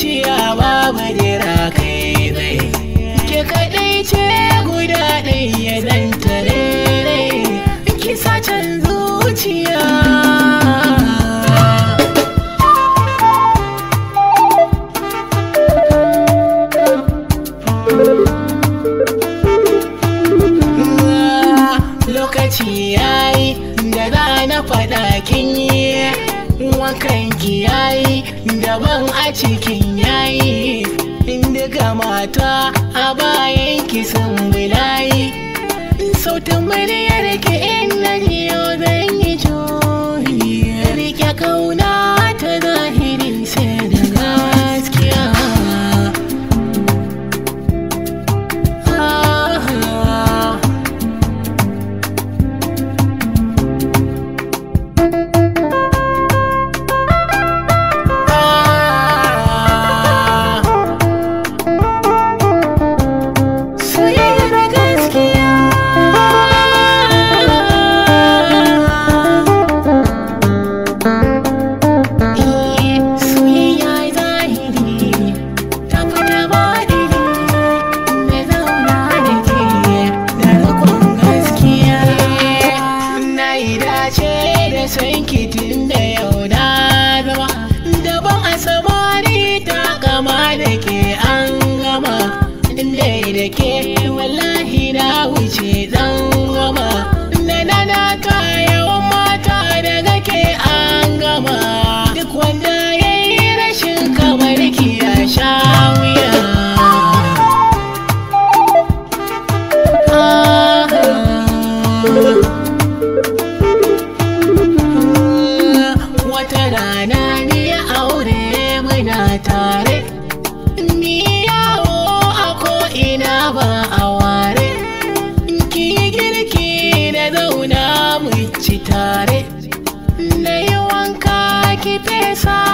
zuciya babu jira kai dai ke kaɗai ce guda ɗaya dan tare dai ki zuciya lokaci yayi da na faɗa kin yi kanki yayi daban a cikin yayi indiga mata a bayan ki sun bilayi sautin muryar ki in nan yau zan yi ya rike kauna da ke an gama inda da ke wallahi na wuce zan gama na na yawan mata da ke an gama duk wanda ya yi rashin kamar ki ya sha wuya ah, ah. wata rana ne aure muna tare ba a ware ki girki da zauna mu ci tare na yi wanka ki fesa